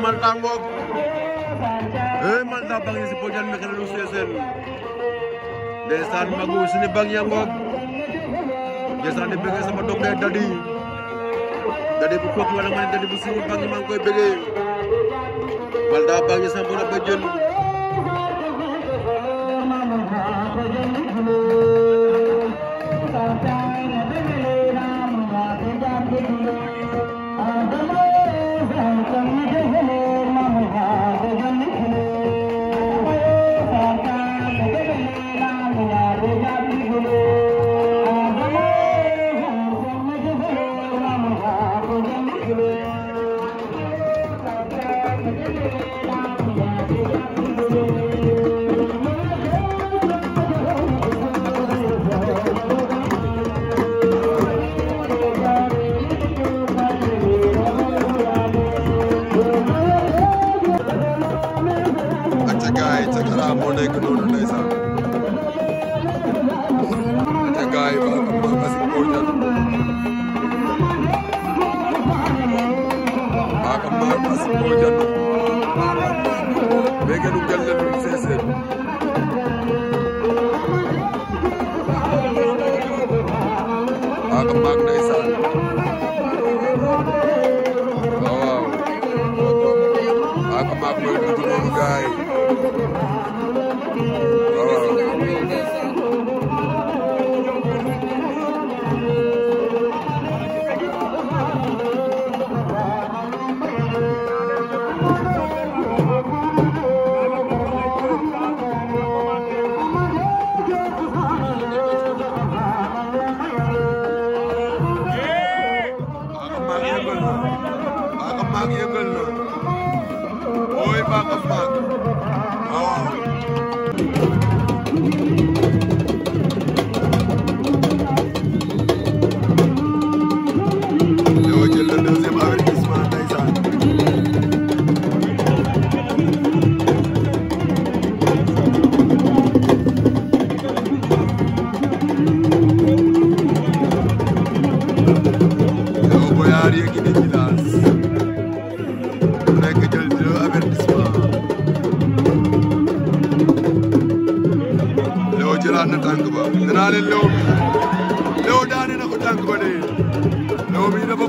Malta ngoog eh Malta bang si Bodian Mékhé lu Sessène ndeysaan magu sini bang ya ngoog ndeysaan di bëgg sama doom day dadi dadi bu kooku wala ma ne dadi bu sini bang maa ngi koy bëggee Malta bang ya sama bëjjël jàllale Sessène Baka Baka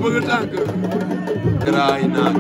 ba bëgg tànk garaay naag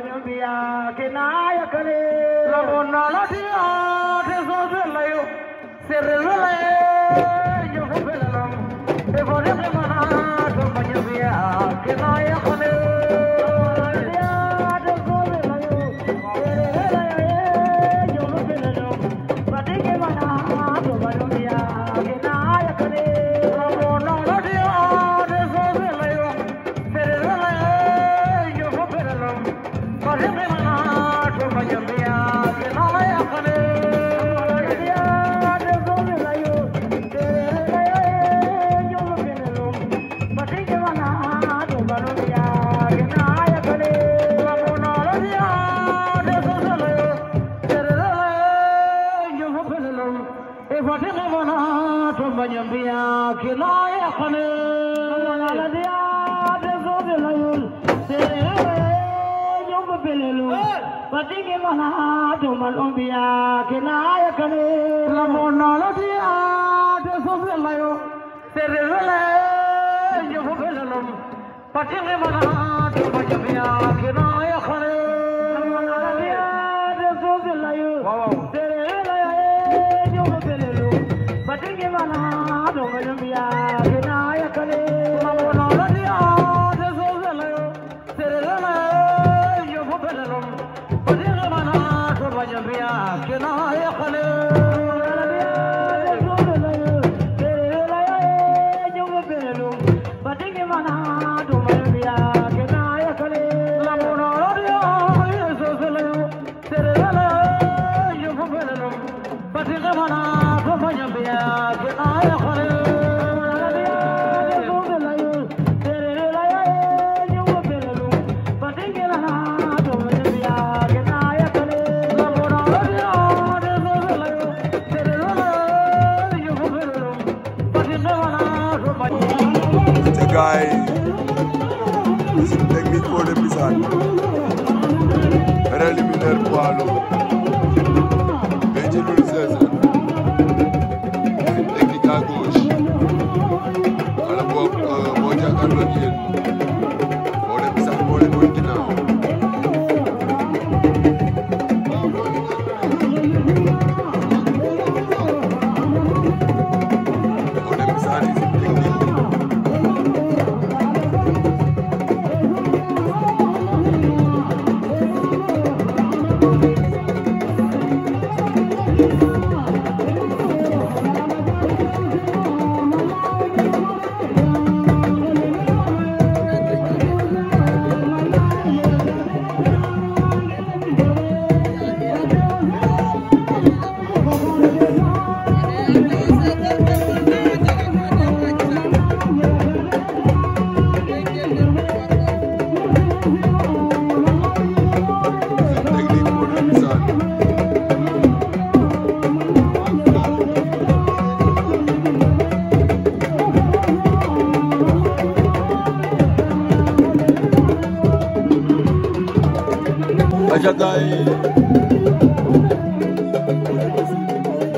nyumbia kinaya kare. Lobo nala dia, teso zulayo, sirulayo. पाठ्यक्रम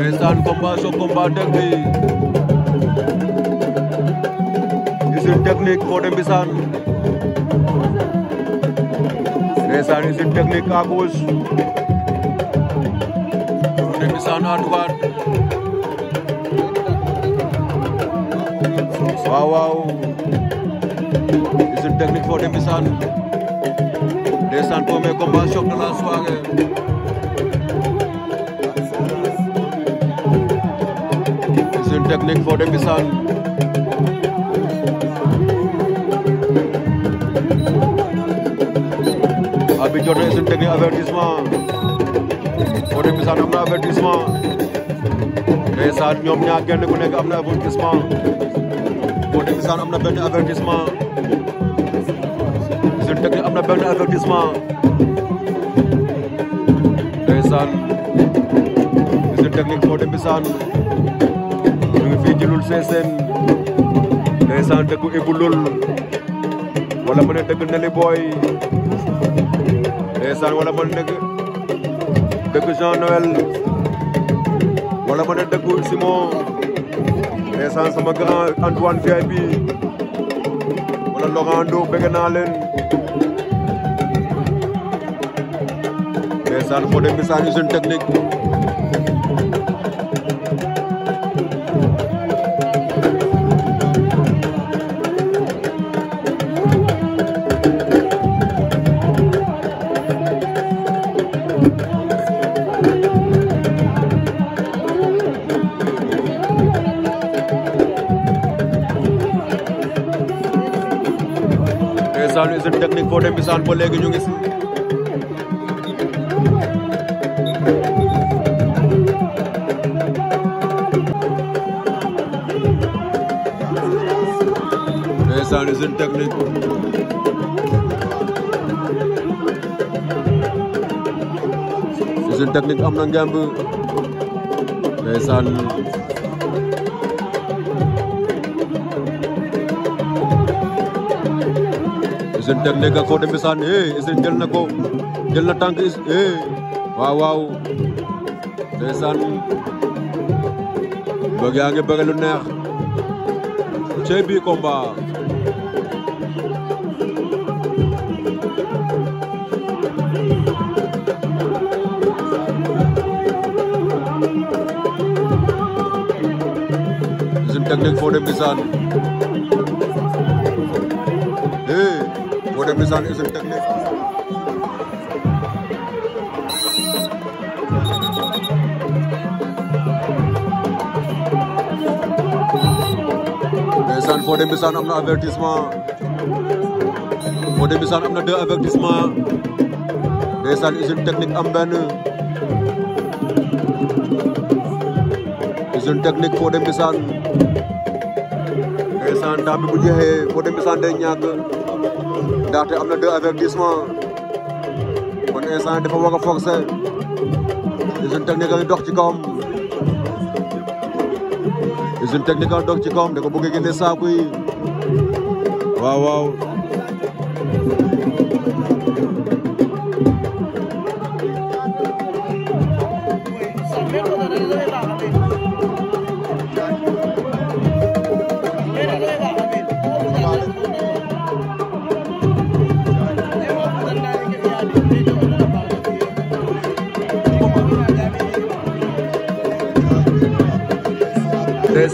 इंसान को पासों को बाटक भी इसी टेक्निक कोटे मिसान रेसानी से टेक्निक काबूस कोटे मिसान हाथवार वाव वाव इसी टेक्निक कोटे मिसान Descends pour mes combats sur de la soirée. C'est une technique for the Bissan. अभी जो है टेक्निक एडवर्टीजमेंट और मिसाल हमने एडवर्टीजमेंट ये साल में हमने आगे निकले हमने एडवर्टीजमेंट और मिसाल हमने बेटे advertisement avertissement ndeysaan visite technique moo dem bisaan ñu ngi fii ci Loul Sessène ndeysaan dëkku Ibou Loul wala ma ne dëkk Nelly Boy ndeysaan wala ma ne dëkk dëkk Jean Noël wala ma ne dëkku Simon ndeysaan sama grand Antoine VIP wala Laurent Ndo bëgg naa साल मोड़े में सारी सुन technique technique फोटे मिसाल बोले कि जो किसी usine technique. am na ngemb ndeysaan usine technique ak Fodé Mbissane eh usine jël na ko jël na tànk eh waaw waaw ndeysaan bëgg yaa ngi bëgg neex cey bi combat Hendrik Wodebisan. Hey, Wodebisan is in technique. Besan vor dem Besan am Avertisma. Vor dem Besan am der Avertisma. Besan ist ein Technik am Benne. Ist ein Technik vor dem Besan. ndeysaan bi bu jeexee boo dem bisaan day ñàkk ndaxte am na deux avertissement kon instant dafa war a forcé usine technique a ngi ci kawam usine technique a ci kawam da ko bëgg a génne saaku waaw waaw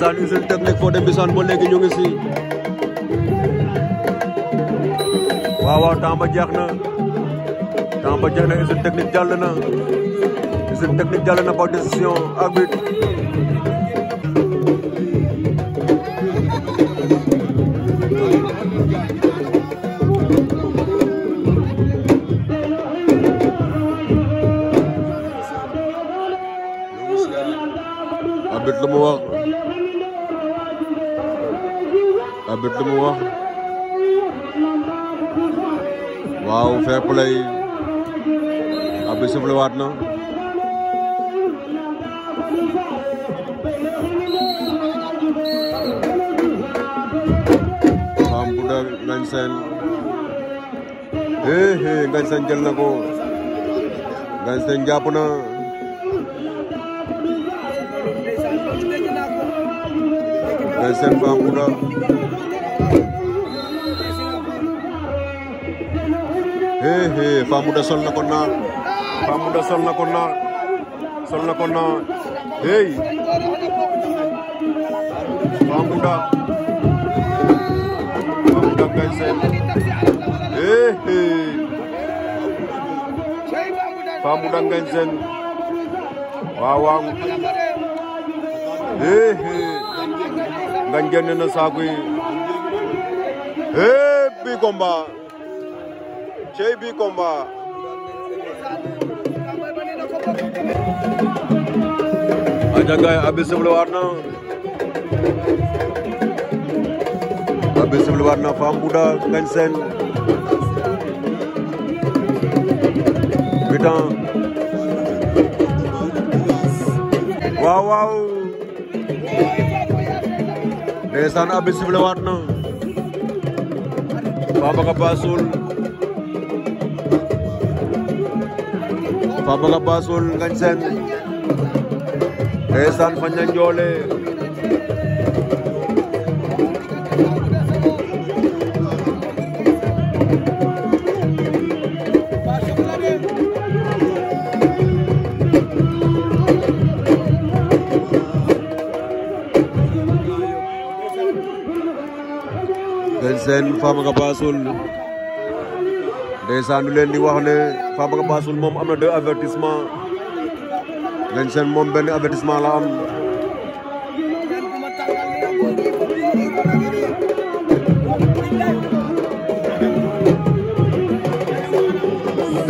ndeysaan usine technique Fodé Mbissane ba léegi ñu ngi si waaw waaw temps ba jeex na temps ba na usine technique jàll na usine technique jàll na fair play abi sufle waat na Fam Bouda Ngagne Sène eh eh na ko Ngagne Sène na Ngagne Sène Fam hee hee Famouda sol na ko naar na ko naar sol na ko naar hey Famouda Famouda Gaye Sene hee hee Famouda Gaye Sene waaw waaw hee hee Ngagne génne na saako yi cey bi combat Aja Gaye abe sëble waat na abe sëble waat na Fam Bouda Ngagne Sène mi-temps waaw waaw ndeysaan abe sëble waat na Baba Ka Bassoul Baba la Bassoul Ngagne Sène ndeysaan ma ña njoole Ngagne Sène ndeysaan ñu leen di wax ne Faba Bassoul moom am na deux avertissement len moom benn avertissement la am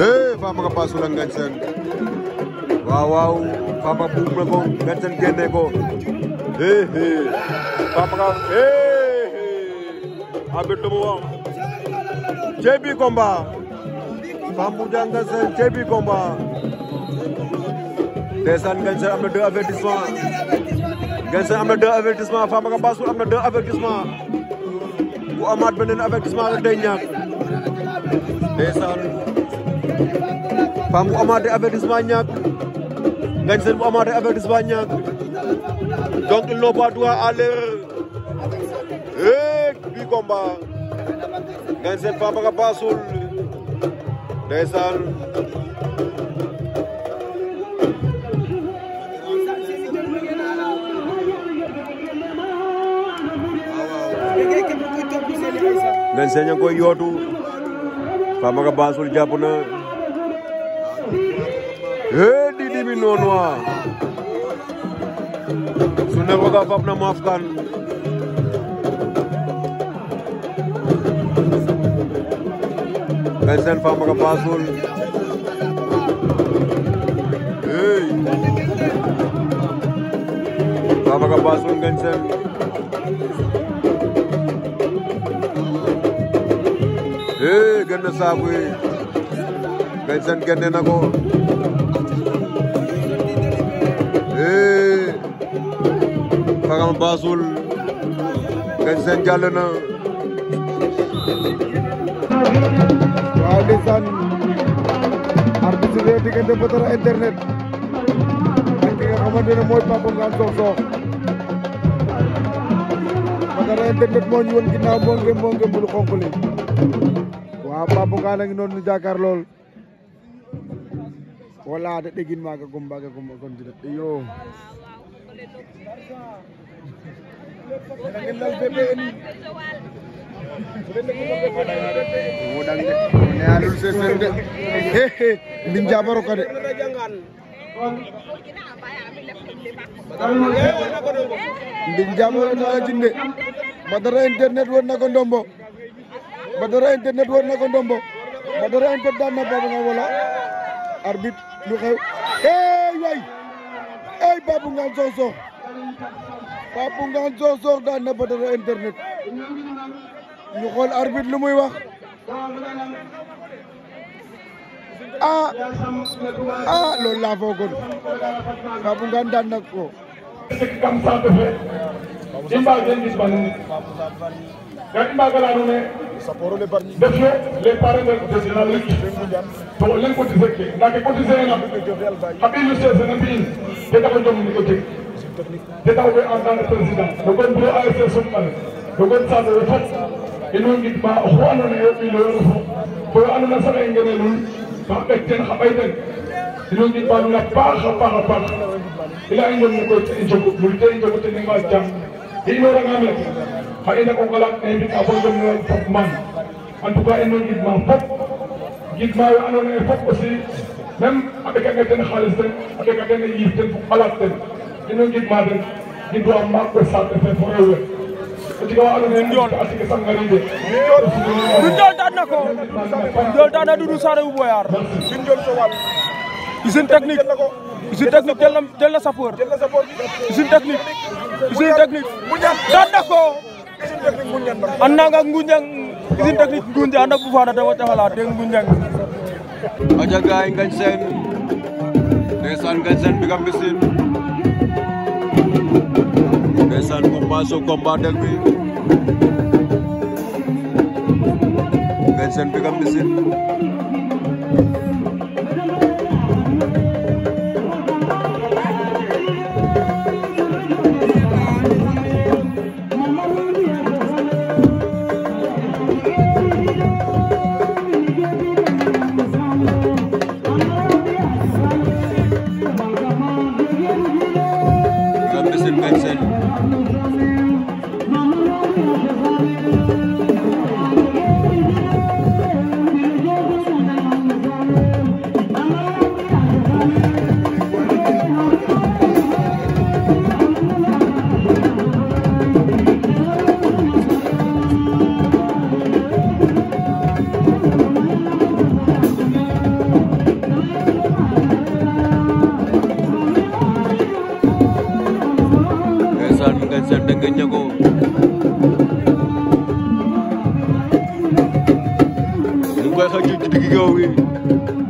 eh Faba Bassoul ak Ngagne Sène waaw waaw Faba buub na ko Ngagne Sène génne ko eh eh Faba eh eh abet mu wax ceebi combat Fambou Dia Ngagne Sène cey bi combat ndeysaan Ngagne Sène am na deux avertissement Ngagne Sène am na deux avertissement Famara Bassoul am na deux avertissement bu amaat beneen avertissement rek day ñàkk ndeysaan Fam bu amaatee avertissement ñàkk Ngagne Sène bu amaatee avertissement ñàkk donc ils n'ont pas droit à l'erreur rek bi combat Ngagne Sène Famara Bassoul ndeysaan ngañ seeña koy yootu faamaga baasul jàpp na hee di di mi noonu waa su ne ko ga fab na maaf kan ndeysaan Famba ka paasul hey Famba ka paasul hey gën na saaku yi ngañ seen ko hey Famba ka paasul ngañ seen jàll waaw ndeysaan arbitre bi diggante Batara internet ak ki nga xamante mooy Papa Ngane Sokh Sokh Batara internet moo ñu woon ginnaaw ngeen moo ngeen bul xonk waaw Papa Ngane a ngi noonu jàkkaar lool wala da ɗegin maga gomba ga gomba gondirat iyo nangel woɗan de o neya lul sesen de hehe mbin jabaro ka de mbin jam wonnaga jinde badara internet wonnago ndombo badara internet wonnago ndombo badara internet danna babanga wala arbitre lu xew ey way ey babu ngan sosox babu ngan sosox danna badara internet ñu xool arbitre lu muy wax ah ah loolu laa foogoon Babou Ngane daan na ko gati mbagal anone sapporole barñi defio les parents del président lekki to len cotisé ke nake cotisé ena haɓilu sesene mbiin de taxo jomni ko jeg de taxo koy en tant que président no gon bureau asc sumane no gon sasere fop inon gid ma oxu andoona yee o ɓiy no yo refu koy o andoona sax e ngenelul fa ɓek ten xa ɓay den ino a paax a paax a paax i layaa i ngon te i njogu te i njogu ten i mbaas jam i inooranga meen xa i ndako ngalaat invité a bo jomno fop man en tout cas ino gid ma fop gid ma we andoona yee fop aussi même a ɓekanga ten xaalis ten a ɓeka ten e yiif ten fo xalaat ten ino gid ma den gid wa maak we saate fe fo Njool daan na ko Njool daan na Doudou Sané bu Boyar usine technique usine technique jël na jël na sapeur usine technique usine technique daan na ko ànd naa nga Ngunjang usine technique Ngunjang ànd ak bu faana dama aja gaay ngañ seen ndeysaan bi nga ndeysaan Bombazo combattant bi ngeen seen bigam bi sin go in.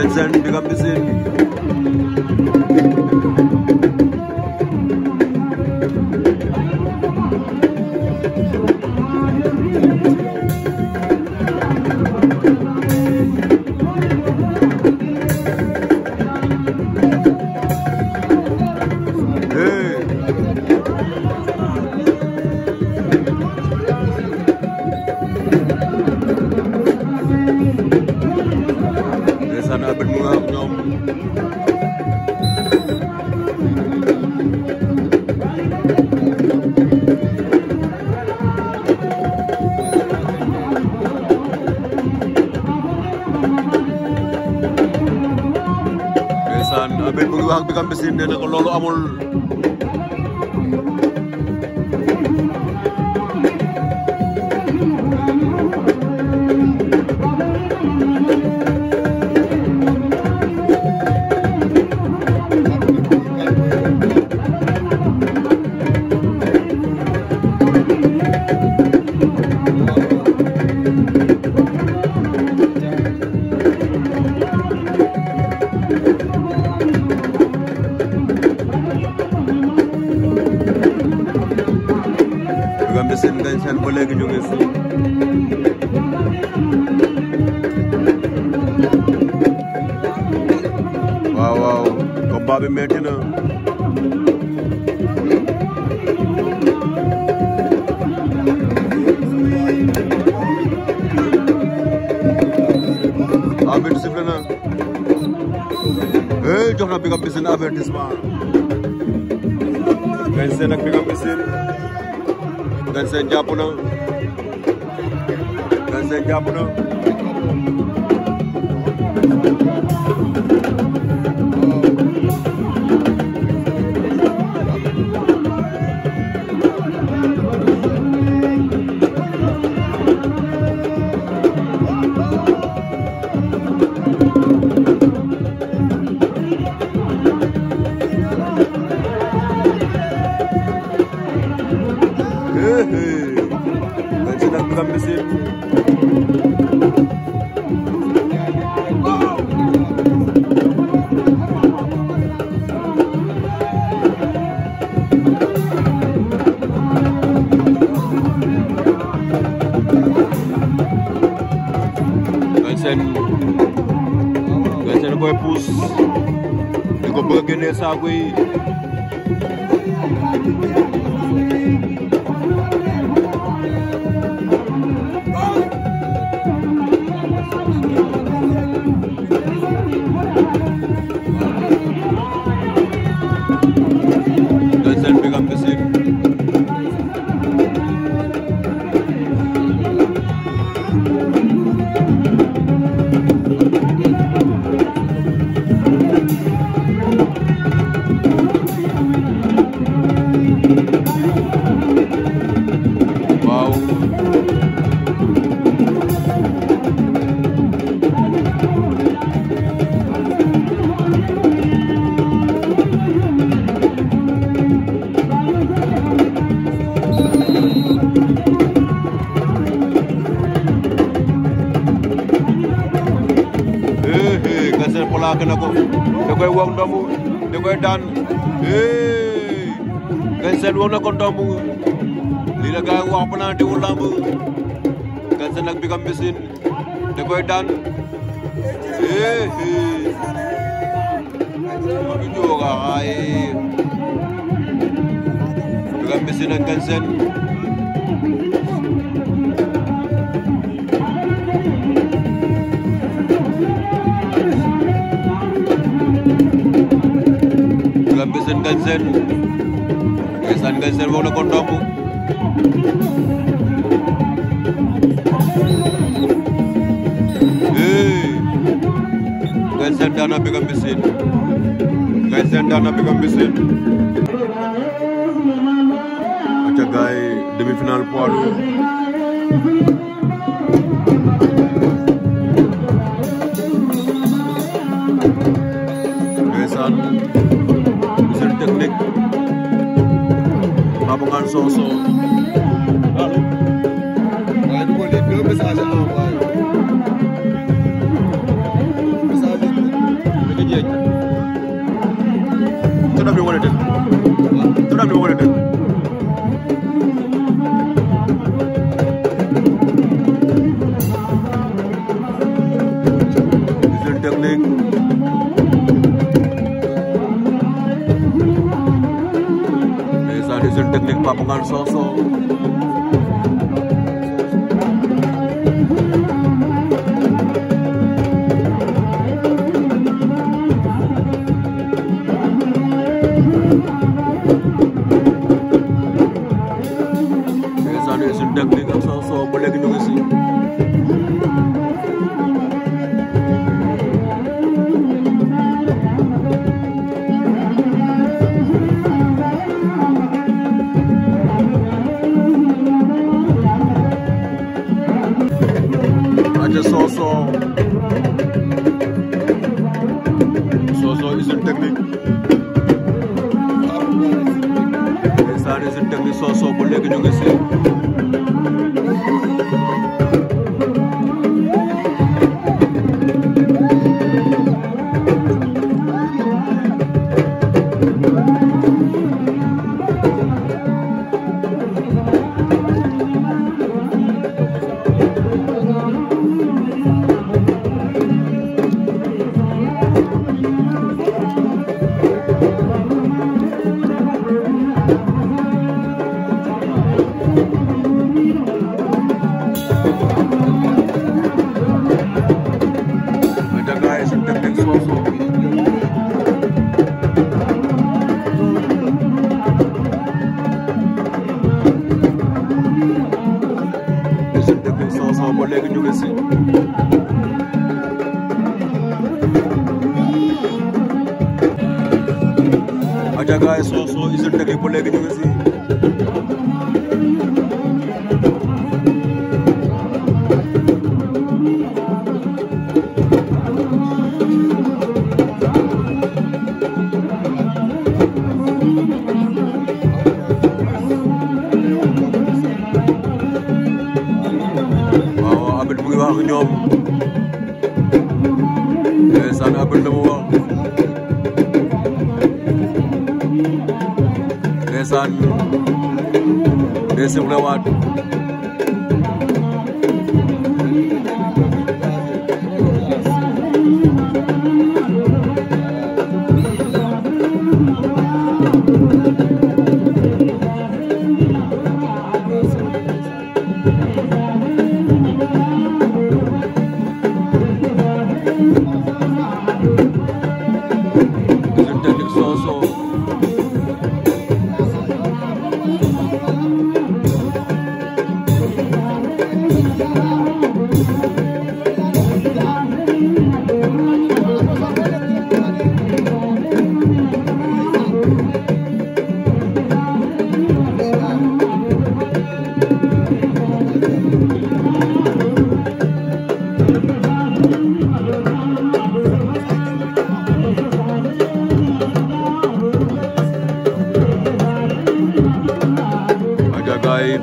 Thanks and big up the scene. seen ngañ seen ba léegi ñu ngi suuf waaw waaw combat bi metti na arbitre sifflé na eh jox na Big Up Mbissine avertissement ngañ seen ak Big Up Mbissine Galsen jàpp na Galsen jàpp na Ngagne Sène Ngagne Sène koy puus di ko bëgg a génnee lamb Galsen nak Bikam mesin da koy daan eh eh Modou Dioga ay mesin Mbissine ak Galsen Bikam Mbissine Galsen Galsen Galsen moom la ko ndomb daan na Birame Mbissine Ngaye Sène daan na Birame Mbissine aca gaay demi-finale poids lourd Ndeysaan usine technique Pape Ngane Sokh Sossokh guys, so so isn't the people like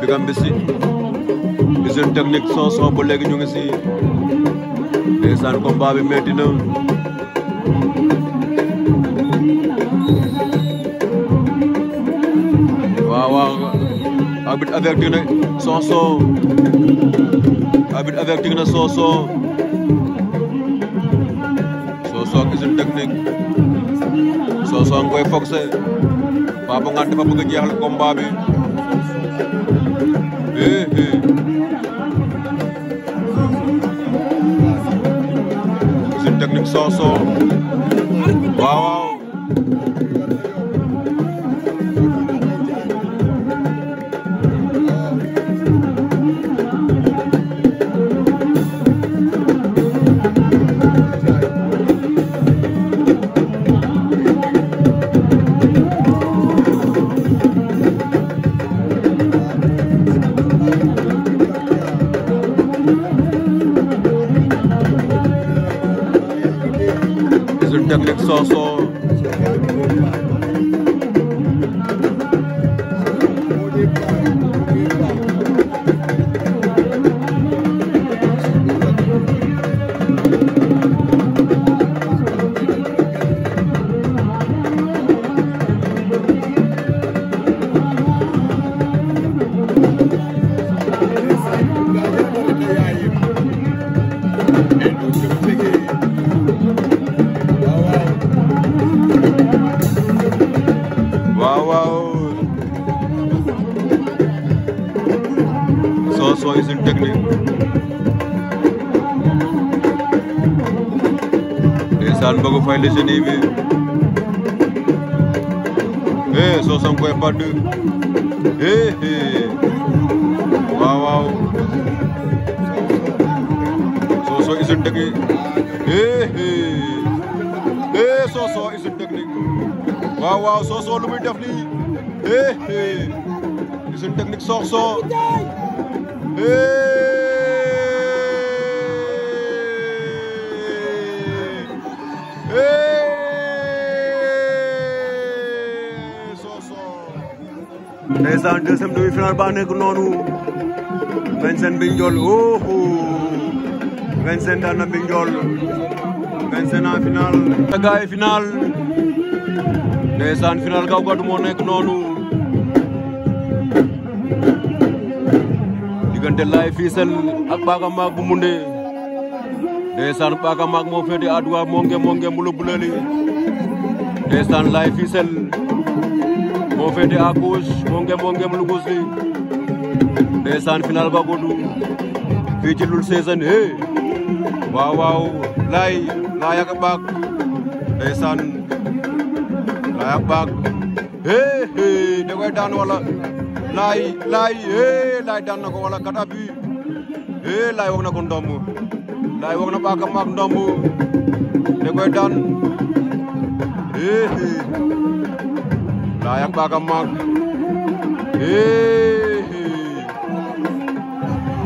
Biga Mbissi usine technique son son ba léegi ñu ngi si ndeysaan combat bi metti abit avertir na son son abit avertir na son son son son usine technique son son ngoy a jeexal combat bi also Eh, koy déchaîner eh Sossox koy padd eh eh waaw waaw technique eh eh eh Sossox usine technique waaw waaw lu muy def nii eh eh usine technique Sossox eh. ndeysaan deuxième demi-finale ba nekk noonu Vincent Mbinjol oho Vincent daan na Mbinjol Vincent en finale tagaay finale ndeysaan finale kaw gadu moo nekk noonu diggante Laye Fissel ak Baka Maak bu ndeysaan Mbaaka Maak moo féete àdduwaat moo nge moo mu lëbbule li ndeysaan Laye Ficelle moo féete à gauche moo mu lu gauche li ndeysaan final gudu fii ci seesan hey waaw waaw Laye Laye ak Mbaak ndeysaan Laye ak Mbaak hey hey daan wala Laye Laye hey Laye daan na ko wala kat appui hey Laye wax Laye wax na Baka Maam ndomb da koy daan ééé Laye ak Baka Maam ééé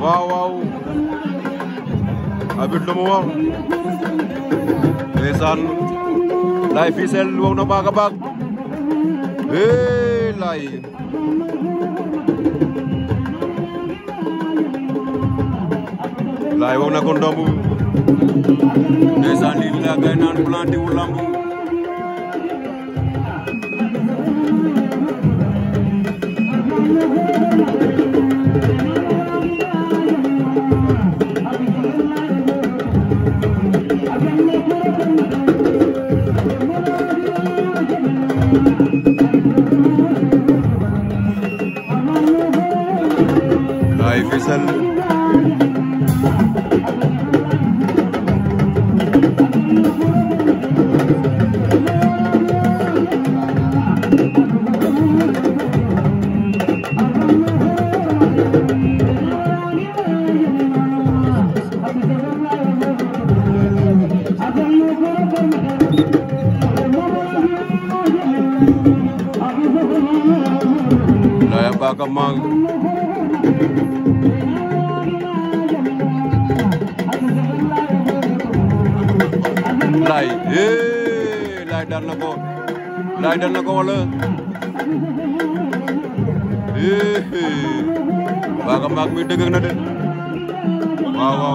waaw waaw abit lu mu wax ndeysaan Laye Fissel wax na Baka Maam ééé Laye Laye wax na ko ndomb ndeysaan lii la gay naan planté wu laay hee laay daan na ko laay daan na ko wala hee waaga mbaag mi dëgg na de waaw waaw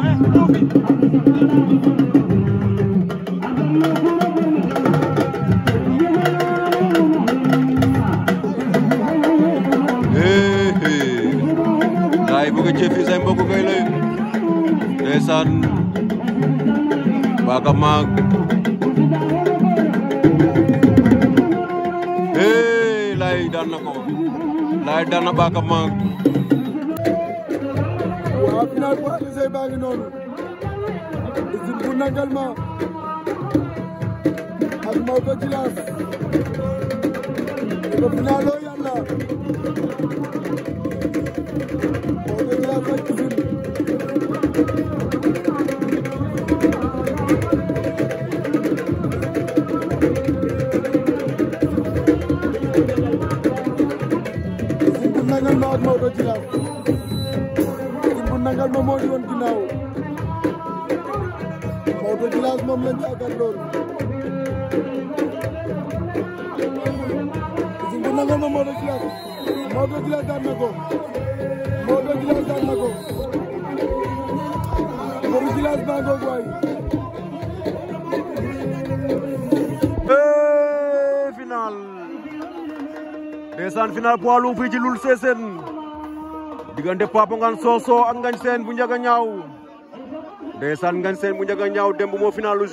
hee laay bëgg a ceefi say mbokk kay lay ndeysaan Mbaaka Maak hey Laye daan na ko Laye daan na Mbaaka Maak. waaw final bu Alizé baa ngi noonu usine bu nangal ma ak Maodo Djilas ko finaloo yàlla. doomu Modou Djilas Modou Djilas daan final ndeysaan final poids lourd fii ci Loul Sessène diggante Papa Ngagne soso ak Ngagne Sène bu Ndiaga Niao ndeysaan Ngagne Sène bu final lu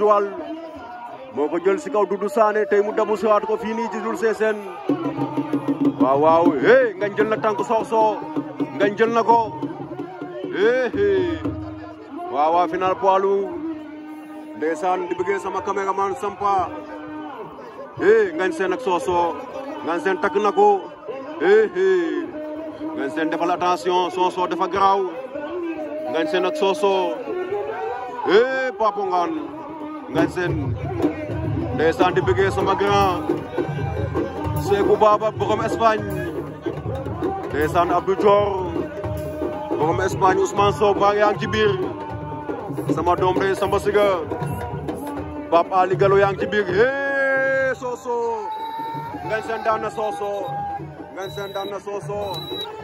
moo ko jël si kaw Doudou Sané tey mu dabu siwaat ko fii nii ci Loul Sessène hee ngañ jël na tànk soox soo ngañ jël na ko hee waaw waaw final poids lourd ndeysaan di bëggee sama caméraman sampa hee ngañ seen ak soox soo ngañ takk na ko hee ngañ seen defal attention soox soo dafa garaaw ngañ seen ak soox soo hee Papo Ngane ndeysaan di bëggee sama grand Seeku Baba borom Espagne ndeysaan Abdou Dior borom Espagne Ousmane Sow maa sama doom sama siga Pape Ali Gallo yang ci biir hee Soso ngañ seen Soso ngañ seen Soso